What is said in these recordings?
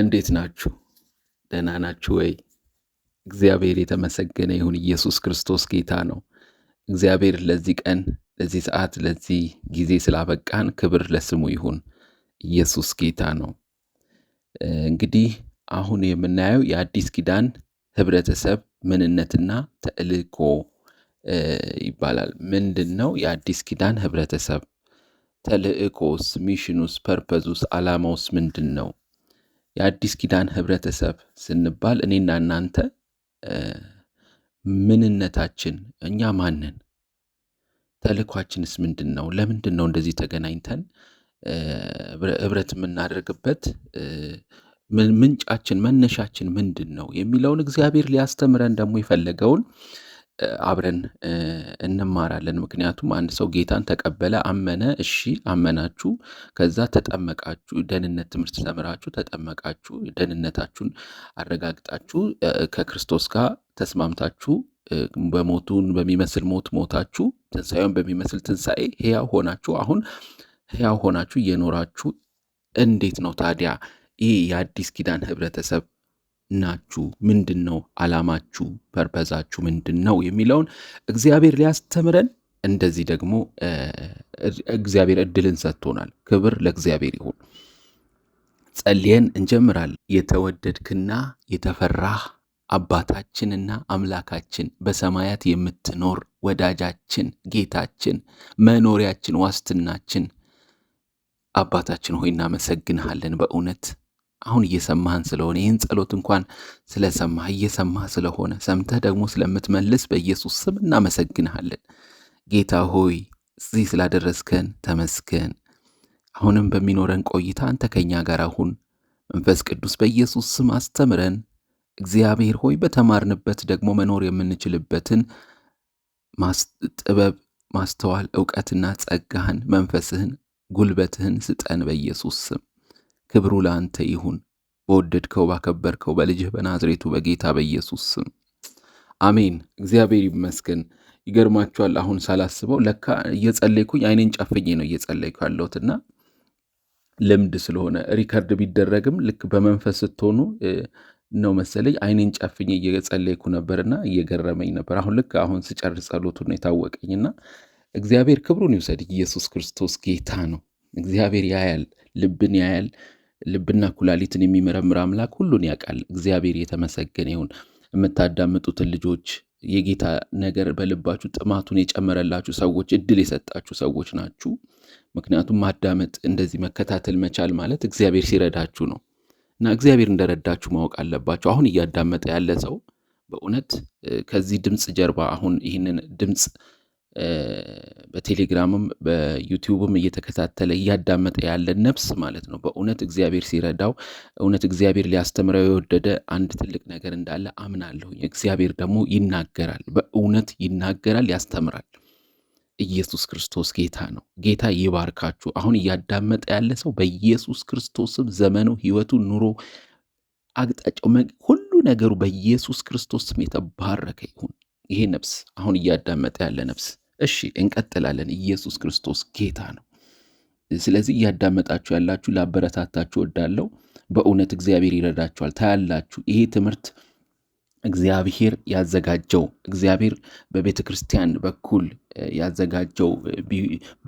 እንዴት ናችሁ? ደህና ናችሁ ወይ? እግዚአብሔር የተመሰገነ ይሁን። ኢየሱስ ክርስቶስ ጌታ ነው። እግዚአብሔር ለዚህ ቀን፣ ለዚህ ሰዓት፣ ለዚህ ጊዜ ስላበቃን ክብር ለስሙ ይሁን። ኢየሱስ ጌታ ነው። እንግዲህ አሁን የምናየው የአዲስ ኪዳን ህብረተሰብ ምንነትና ተልእኮ ይባላል። ምንድን ነው የአዲስ ኪዳን ህብረተሰብ? ተልእኮስ፣ ሚሽኑስ፣ ፐርፐዙስ፣ አላማውስ ምንድን ነው? የአዲስ ኪዳን ህብረተሰብ ስንባል እኔና እናንተ ምንነታችን እኛ ማንን ተልኳችንስ ምንድን ነው? ለምንድን ነው እንደዚህ ተገናኝተን ህብረት የምናደርግበት ምንጫችን መነሻችን ምንድን ነው የሚለውን እግዚአብሔር ሊያስተምረን ደግሞ የፈለገውን አብረን እንማራለን። ምክንያቱም አንድ ሰው ጌታን ተቀበለ፣ አመነ፣ እሺ አመናችሁ፣ ከዛ ተጠመቃችሁ፣ ደህንነት ትምህርት ተምራችሁ ተጠመቃችሁ፣ ደህንነታችሁን አረጋግጣችሁ ከክርስቶስ ጋር ተስማምታችሁ በሞቱን በሚመስል ሞት ሞታችሁ ትንሣኤውን በሚመስል ትንሣኤ ሕያው ሆናችሁ አሁን ሕያው ሆናችሁ እየኖራችሁ እንዴት ነው ታዲያ ይህ የአዲስ ኪዳን ህብረተሰብ ናችሁ? ምንድን ነው አላማችሁ? ፐርፐዛችሁ ምንድን ነው የሚለውን እግዚአብሔር ሊያስተምረን እንደዚህ ደግሞ እግዚአብሔር እድልን ሰጥቶናል። ክብር ለእግዚአብሔር ይሁን። ጸልየን እንጀምራለን። የተወደድክና የተፈራህ አባታችንና አምላካችን በሰማያት የምትኖር ወዳጃችን፣ ጌታችን፣ መኖሪያችን፣ ዋስትናችን አባታችን ሆይ እናመሰግንሃለን በእውነት አሁን እየሰማህን ስለሆነ ይህን ጸሎት እንኳን ስለሰማህ እየሰማህ ስለሆነ ሰምተህ ደግሞ ስለምትመልስ በኢየሱስ ስም እናመሰግንሃለን። ጌታ ሆይ እዚህ ስላደረስከን ተመስገን። አሁንም በሚኖረን ቆይታ አንተ ከኛ ጋር አሁን መንፈስ ቅዱስ በኢየሱስ ስም አስተምረን። እግዚአብሔር ሆይ በተማርንበት ደግሞ መኖር የምንችልበትን ጥበብ፣ ማስተዋል፣ እውቀትና ጸጋህን፣ መንፈስህን፣ ጉልበትህን ስጠን በኢየሱስ ስም። ክብሩ ለአንተ ይሁን በወደድከው ባከበርከው በልጅህ በናዝሬቱ በጌታ በኢየሱስ ስም አሜን። እግዚአብሔር ይመስገን። ይገርማችኋል፣ አሁን ሳላስበው ለካ እየጸለይኩኝ አይኔን ጨፍኜ ነው እየጸለይኩ ያለሁት እና ልምድ ስለሆነ ሪከርድ ቢደረግም ልክ በመንፈስ ስትሆኑ ነው መሰለኝ አይኔን ጨፍኜ እየጸለይኩ ነበርና እየገረመኝ ነበር። አሁን ልክ አሁን ስጨርስ ጸሎቱ ነው የታወቀኝና እግዚአብሔር ክብሩን ይውሰድ። ኢየሱስ ክርስቶስ ጌታ ነው። እግዚአብሔር ያያል፣ ልብን ያያል። ልብና ኩላሊትን የሚመረምር አምላክ ሁሉን ያውቃል። እግዚአብሔር የተመሰገነ ይሁን። የምታዳምጡትን ልጆች የጌታ ነገር በልባችሁ ጥማቱን የጨመረላችሁ ሰዎች እድል የሰጣችሁ ሰዎች ናችሁ። ምክንያቱም ማዳመጥ እንደዚህ መከታተል መቻል ማለት እግዚአብሔር ሲረዳችሁ ነው እና እግዚአብሔር እንደረዳችሁ ማወቅ አለባችሁ። አሁን እያዳመጠ ያለ ሰው በእውነት ከዚህ ድምፅ ጀርባ አሁን ይህንን ድምፅ በቴሌግራምም በዩቲዩብም እየተከታተለ እያዳመጠ ያለ ነፍስ ማለት ነው። በእውነት እግዚአብሔር ሲረዳው እውነት እግዚአብሔር ሊያስተምረው የወደደ አንድ ትልቅ ነገር እንዳለ አምናለሁ እግዚአብሔር ደግሞ ይናገራል፣ በእውነት ይናገራል፣ ያስተምራል። ኢየሱስ ክርስቶስ ጌታ ነው። ጌታ ይባርካችሁ። አሁን እያዳመጠ ያለ ሰው በኢየሱስ ክርስቶስም ዘመኑ፣ ህይወቱ፣ ኑሮ፣ አቅጣጫው፣ ሁሉ ነገሩ በኢየሱስ ክርስቶስም የተባረከ ይሁን። ይሄ ነፍስ አሁን እያዳመጠ ያለ ነፍስ እሺ እንቀጥላለን። ኢየሱስ ክርስቶስ ጌታ ነው። ስለዚህ እያዳመጣችሁ ያላችሁ ላበረታታችሁ ወዳለው በእውነት እግዚአብሔር ይረዳችኋል። ታያላችሁ ይሄ ትምህርት እግዚአብሔር ያዘጋጀው እግዚአብሔር በቤተ ክርስቲያን በኩል ያዘጋጀው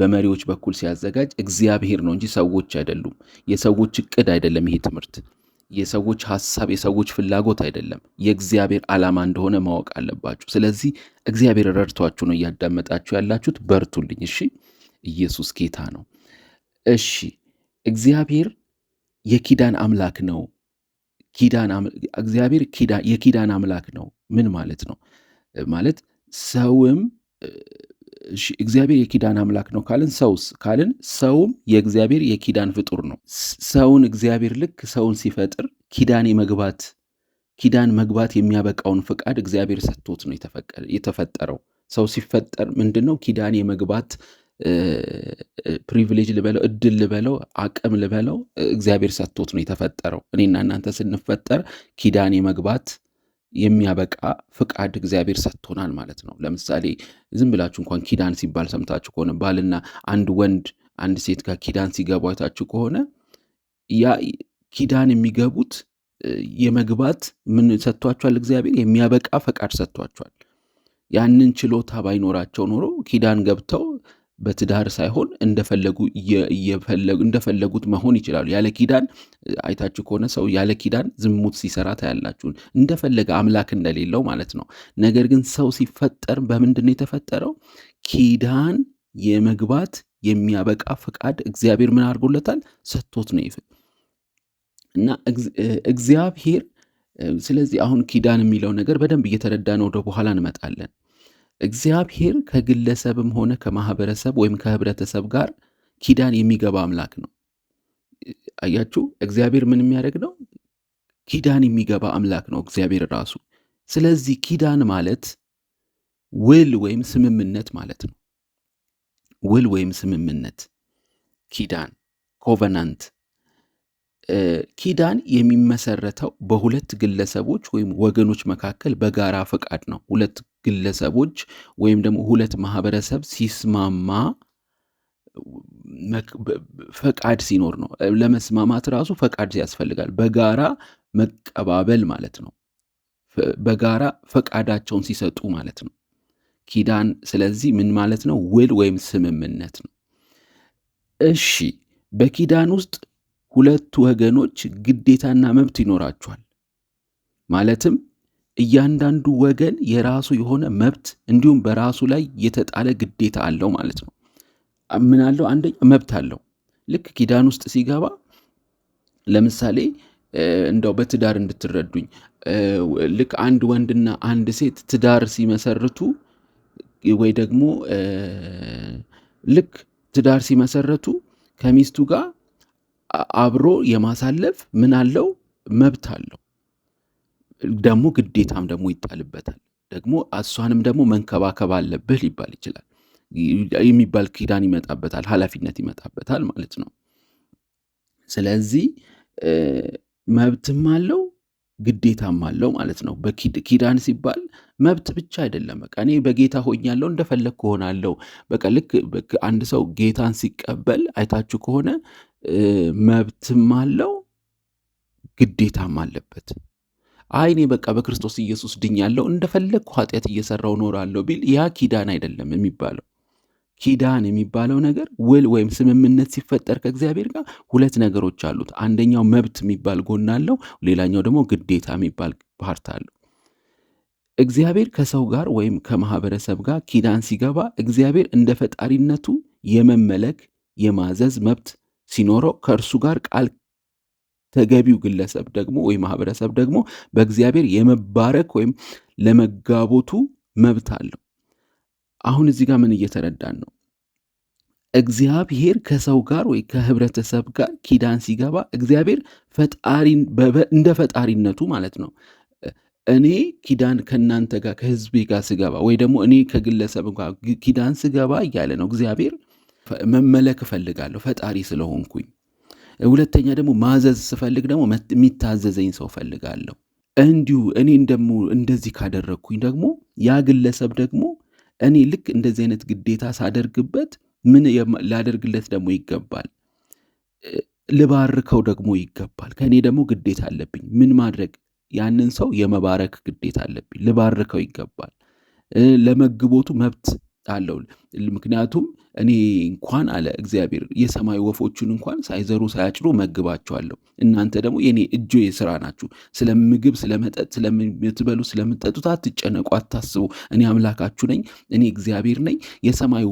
በመሪዎች በኩል ሲያዘጋጅ እግዚአብሔር ነው እንጂ ሰዎች አይደሉም። የሰዎች እቅድ አይደለም ይሄ ትምህርት። የሰዎች ሐሳብ የሰዎች ፍላጎት አይደለም፣ የእግዚአብሔር ዓላማ እንደሆነ ማወቅ አለባችሁ። ስለዚህ እግዚአብሔር ረድቷችሁ ነው እያዳመጣችሁ ያላችሁት። በርቱልኝ። እሺ፣ ኢየሱስ ጌታ ነው። እሺ፣ እግዚአብሔር የኪዳን አምላክ ነው። እግዚአብሔር የኪዳን አምላክ ነው። ምን ማለት ነው? ማለት ሰውም እግዚአብሔር የኪዳን አምላክ ነው ካልን ሰውስ ካልን ሰውም የእግዚአብሔር የኪዳን ፍጡር ነው። ሰውን እግዚአብሔር ልክ ሰውን ሲፈጥር ኪዳን የመግባት ኪዳን መግባት የሚያበቃውን ፍቃድ እግዚአብሔር ሰጥቶት ነው የተፈጠረው። ሰው ሲፈጠር ምንድን ነው ኪዳን የመግባት ፕሪቪሌጅ ልበለው እድል ልበለው አቅም ልበለው እግዚአብሔር ሰጥቶት ነው የተፈጠረው። እኔና እናንተ ስንፈጠር ኪዳን የመግባት የሚያበቃ ፍቃድ እግዚአብሔር ሰጥቶናል ማለት ነው። ለምሳሌ ዝም ብላችሁ እንኳን ኪዳን ሲባል ሰምታችሁ ከሆነ ባልና አንድ ወንድ አንድ ሴት ጋር ኪዳን ሲገቡ አይታችሁ ከሆነ ያ ኪዳን የሚገቡት የመግባት ምን ሰጥቷቸዋል? እግዚአብሔር የሚያበቃ ፈቃድ ሰጥቷቸዋል። ያንን ችሎታ ባይኖራቸው ኖሮ ኪዳን ገብተው በትዳር ሳይሆን እንደፈለጉት መሆን ይችላሉ። ያለ ኪዳን አይታችሁ ከሆነ ሰው ያለ ኪዳን ዝሙት ሲሰራ ታያላችሁን። እንደፈለገ አምላክ እንደሌለው ማለት ነው። ነገር ግን ሰው ሲፈጠር በምንድን ነው የተፈጠረው? ኪዳን የመግባት የሚያበቃ ፈቃድ እግዚአብሔር ምን አድርጎለታል? ሰጥቶት ነው ይፍል እና እግዚአብሔር። ስለዚህ አሁን ኪዳን የሚለው ነገር በደንብ እየተረዳ ነው። ወደ በኋላ እንመጣለን። እግዚአብሔር ከግለሰብም ሆነ ከማህበረሰብ ወይም ከህብረተሰብ ጋር ኪዳን የሚገባ አምላክ ነው። አያችሁ፣ እግዚአብሔር ምን የሚያደርግ ነው? ኪዳን የሚገባ አምላክ ነው እግዚአብሔር ራሱ። ስለዚህ ኪዳን ማለት ውል ወይም ስምምነት ማለት ነው። ውል ወይም ስምምነት፣ ኪዳን ኮቨናንት። ኪዳን የሚመሰረተው በሁለት ግለሰቦች ወይም ወገኖች መካከል በጋራ ፈቃድ ነው። ሁለት ግለሰቦች ወይም ደግሞ ሁለት ማህበረሰብ ሲስማማ ፈቃድ ሲኖር ነው። ለመስማማት ራሱ ፈቃድ ያስፈልጋል። በጋራ መቀባበል ማለት ነው። በጋራ ፈቃዳቸውን ሲሰጡ ማለት ነው። ኪዳን ስለዚህ ምን ማለት ነው? ውል ወይም ስምምነት ነው። እሺ፣ በኪዳን ውስጥ ሁለቱ ወገኖች ግዴታና መብት ይኖራቸዋል ማለትም እያንዳንዱ ወገን የራሱ የሆነ መብት እንዲሁም በራሱ ላይ የተጣለ ግዴታ አለው ማለት ነው። ምን አለው? አንደኛ መብት አለው። ልክ ኪዳን ውስጥ ሲገባ ለምሳሌ እንደው በትዳር እንድትረዱኝ ልክ አንድ ወንድና አንድ ሴት ትዳር ሲመሰርቱ ወይ ደግሞ ልክ ትዳር ሲመሰረቱ ከሚስቱ ጋር አብሮ የማሳለፍ ምን አለው? መብት አለው። ደግሞ ግዴታም ደግሞ ይጣልበታል። ደግሞ እሷንም ደግሞ መንከባከብ አለብህ ሊባል ይችላል የሚባል ኪዳን ይመጣበታል፣ ኃላፊነት ይመጣበታል ማለት ነው። ስለዚህ መብትም አለው ግዴታም አለው ማለት ነው። ኪዳን ሲባል መብት ብቻ አይደለም። በቃ እኔ በጌታ ሆኛለሁ እንደፈለግ ከሆናለሁ። በቃ ልክ አንድ ሰው ጌታን ሲቀበል አይታችሁ ከሆነ መብትም አለው ግዴታም አለበት። አይኔ በቃ በክርስቶስ ኢየሱስ ድኛለሁ እንደፈለግኩ ኃጢአት እየሰራው ኖራለሁ ቢል ያ ኪዳን አይደለም የሚባለው። ኪዳን የሚባለው ነገር ውል ወይም ስምምነት ሲፈጠር ከእግዚአብሔር ጋር ሁለት ነገሮች አሉት። አንደኛው መብት የሚባል ጎን አለው፣ ሌላኛው ደግሞ ግዴታ የሚባል ፓርት አለው። እግዚአብሔር ከሰው ጋር ወይም ከማህበረሰብ ጋር ኪዳን ሲገባ እግዚአብሔር እንደ ፈጣሪነቱ የመመለክ የማዘዝ መብት ሲኖረው ከእርሱ ጋር ቃል ተገቢው ግለሰብ ደግሞ ወይ ማህበረሰብ ደግሞ በእግዚአብሔር የመባረክ ወይም ለመጋቦቱ መብት አለው። አሁን እዚህ ጋር ምን እየተረዳን ነው? እግዚአብሔር ከሰው ጋር ወይ ከህብረተሰብ ጋር ኪዳን ሲገባ እግዚአብሔር እንደ ፈጣሪነቱ ማለት ነው እኔ ኪዳን ከእናንተ ጋር ከህዝቤ ጋር ስገባ ወይ ደግሞ እኔ ከግለሰብ ጋር ኪዳን ስገባ እያለ ነው እግዚአብሔር መመለክ እፈልጋለሁ ፈጣሪ ስለሆንኩኝ ሁለተኛ ደግሞ ማዘዝ ስፈልግ ደግሞ የሚታዘዘኝ ሰው ፈልጋለሁ። እንዲሁ እኔን ደግሞ እንደዚህ ካደረግኩኝ ደግሞ ያ ግለሰብ ደግሞ እኔ ልክ እንደዚህ አይነት ግዴታ ሳደርግበት ምን ላደርግለት ደግሞ ይገባል፣ ልባርከው ደግሞ ይገባል። ከእኔ ደግሞ ግዴታ አለብኝ ምን ማድረግ ያንን ሰው የመባረክ ግዴታ አለብኝ፣ ልባርከው ይገባል። ለመግቦቱ መብት አለው። ምክንያቱም እኔ እንኳን አለ እግዚአብሔር የሰማይ ወፎቹን እንኳን ሳይዘሩ ሳያጭዱ መግባቸዋለሁ። እናንተ ደግሞ የኔ እጆ የስራ ናችሁ። ስለ ምግብ፣ ስለ መጠጥ፣ ስለምትበሉ፣ ስለምትጠጡት አትጨነቁ፣ አታስቡ። እኔ አምላካችሁ ነኝ፣ እኔ እግዚአብሔር ነኝ። የሰማይ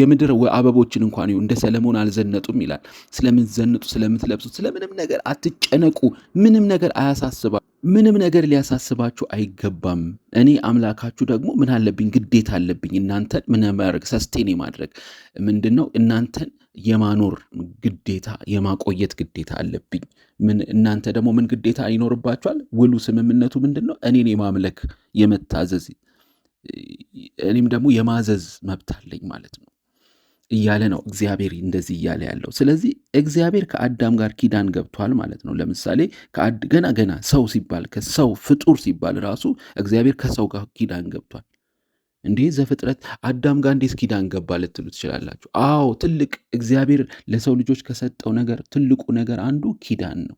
የምድር አበቦችን እንኳን እንደ ሰለሞን አልዘነጡም ይላል። ስለምትዘንጡ፣ ስለምትለብሱት፣ ስለምንም ነገር አትጨነቁ። ምንም ነገር አያሳስባ ምንም ነገር ሊያሳስባችሁ አይገባም። እኔ አምላካችሁ ደግሞ ምን አለብኝ? ግዴታ አለብኝ እናንተን ምን ማድረግ ሰስቴን የማድረግ ምንድን ነው እናንተን የማኖር ግዴታ የማቆየት ግዴታ አለብኝ። ምን እናንተ ደግሞ ምን ግዴታ ይኖርባችኋል? ውሉ ስምምነቱ ምንድን ነው? እኔን የማምለክ የመታዘዝ እኔም ደግሞ የማዘዝ መብት አለኝ ማለት ነው። እያለ ነው እግዚአብሔር እንደዚህ እያለ ያለው። ስለዚህ እግዚአብሔር ከአዳም ጋር ኪዳን ገብቷል ማለት ነው። ለምሳሌ ገና ገና ሰው ሲባል ከሰው ፍጡር ሲባል ራሱ እግዚአብሔር ከሰው ጋር ኪዳን ገብቷል። እንዲህ ዘፍጥረት አዳም ጋር እንዴት ኪዳን ገባ ልትሉ ትችላላችሁ። አዎ ትልቅ እግዚአብሔር ለሰው ልጆች ከሰጠው ነገር ትልቁ ነገር አንዱ ኪዳን ነው።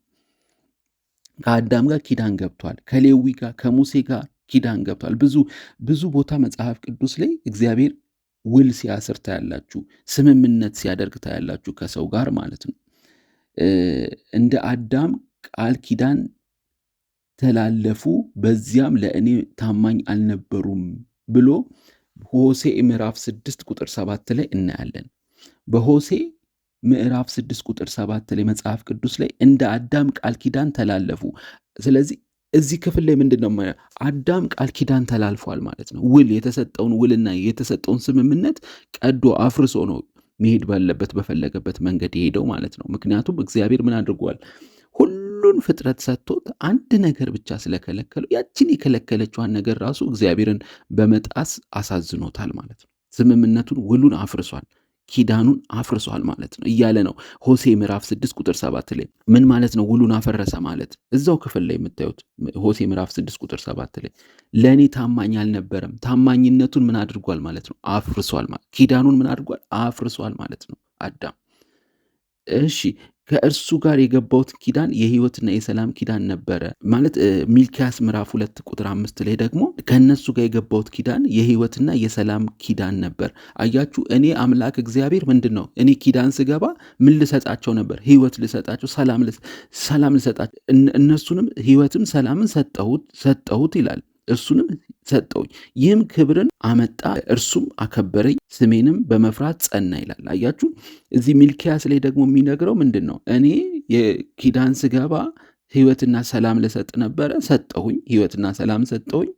ከአዳም ጋር ኪዳን ገብቷል። ከሌዊ ጋር ከሙሴ ጋር ኪዳን ገብቷል። ብዙ ብዙ ቦታ መጽሐፍ ቅዱስ ላይ እግዚአብሔር ውል ሲያስር ታያላችሁ፣ ስምምነት ሲያደርግ ታያላችሁ ከሰው ጋር ማለት ነው። እንደ አዳም ቃል ኪዳን ተላለፉ፣ በዚያም ለእኔ ታማኝ አልነበሩም ብሎ ሆሴ ምዕራፍ 6 ቁጥር 7 ላይ እናያለን። በሆሴ ምዕራፍ 6 ቁጥር 7 ላይ መጽሐፍ ቅዱስ ላይ እንደ አዳም ቃል ኪዳን ተላለፉ። ስለዚህ እዚህ ክፍል ላይ ምንድን ነው አዳም ቃል ኪዳን ተላልፏል ማለት ነው። ውል የተሰጠውን ውልና የተሰጠውን ስምምነት ቀዶ አፍርሶ ነው መሄድ ባለበት በፈለገበት መንገድ የሄደው ማለት ነው። ምክንያቱም እግዚአብሔር ምን አድርጓል? ሁሉን ፍጥረት ሰጥቶት አንድ ነገር ብቻ ስለከለከለው ያችን የከለከለችዋን ነገር ራሱ እግዚአብሔርን በመጣስ አሳዝኖታል ማለት ነው። ስምምነቱን ውሉን አፍርሷል። ኪዳኑን አፍርሷል ማለት ነው እያለ ነው ሆሴ ምዕራፍ 6 ቁጥር 7 ላይ ምን ማለት ነው? ውሉን አፈረሰ ማለት እዛው ክፍል ላይ የምታዩት ሆሴ ምዕራፍ 6 ቁጥር 7 ላይ ለእኔ ታማኝ አልነበረም፣ ታማኝነቱን ምን አድርጓል ማለት ነው? አፍርሷል ማለት ኪዳኑን ምን አድርጓል? አፍርሷል ማለት ነው አዳም። እሺ ከእርሱ ጋር የገባውት ኪዳን የህይወትና የሰላም ኪዳን ነበረ ማለት ሚልኪያስ ምዕራፍ ሁለት ቁጥር አምስት ላይ ደግሞ ከእነሱ ጋር የገባውት ኪዳን የህይወትና የሰላም ኪዳን ነበር። አያችሁ እኔ አምላክ እግዚአብሔር ምንድን ነው እኔ ኪዳን ስገባ ምን ልሰጣቸው ነበር? ህይወት ልሰጣቸው፣ ሰላም ልሰጣቸው። እነሱንም ህይወትም ሰላምን ሰጠሁት ይላል። እርሱንም ሰጠውኝ፣ ይህም ክብርን አመጣ፣ እርሱም አከበረኝ፣ ስሜንም በመፍራት ጸና ይላል። አያችሁ እዚህ ሚልኪያስ ላይ ደግሞ የሚነግረው ምንድን ነው? እኔ የኪዳን ስገባ ህይወትና ሰላም ልሰጥ ነበረ፣ ሰጠሁኝ፣ ህይወትና ሰላም ሰጠሁኝ፣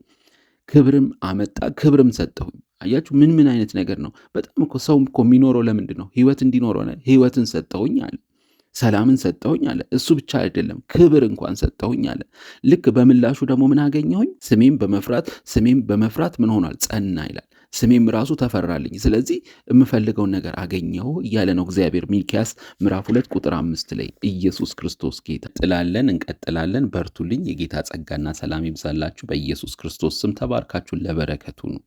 ክብርም አመጣ፣ ክብርም ሰጠሁኝ። አያችሁ ምን ምን አይነት ነገር ነው? በጣም ሰው እኮ የሚኖረው ለምንድን ነው? ህይወት እንዲኖረው ህይወትን ሰጠሁኝ አለ። ሰላምን ሰጠሁኝ አለ። እሱ ብቻ አይደለም ክብር እንኳን ሰጠሁኝ አለ። ልክ በምላሹ ደግሞ ምን አገኘሁኝ? ስሜም በመፍራት ስሜም በመፍራት ምን ሆኗል? ጸና ይላል። ስሜም ራሱ ተፈራልኝ። ስለዚህ የምፈልገውን ነገር አገኘሁ እያለ ነው እግዚአብሔር። ሚልኪያስ ምዕራፍ ሁለት ቁጥር አምስት ላይ ኢየሱስ ክርስቶስ ጌታ። ጥላለን እንቀጥላለን። በርቱልኝ። የጌታ ጸጋና ሰላም ይብዛላችሁ። በኢየሱስ ክርስቶስ ስም ተባርካችሁን ለበረከቱ ነው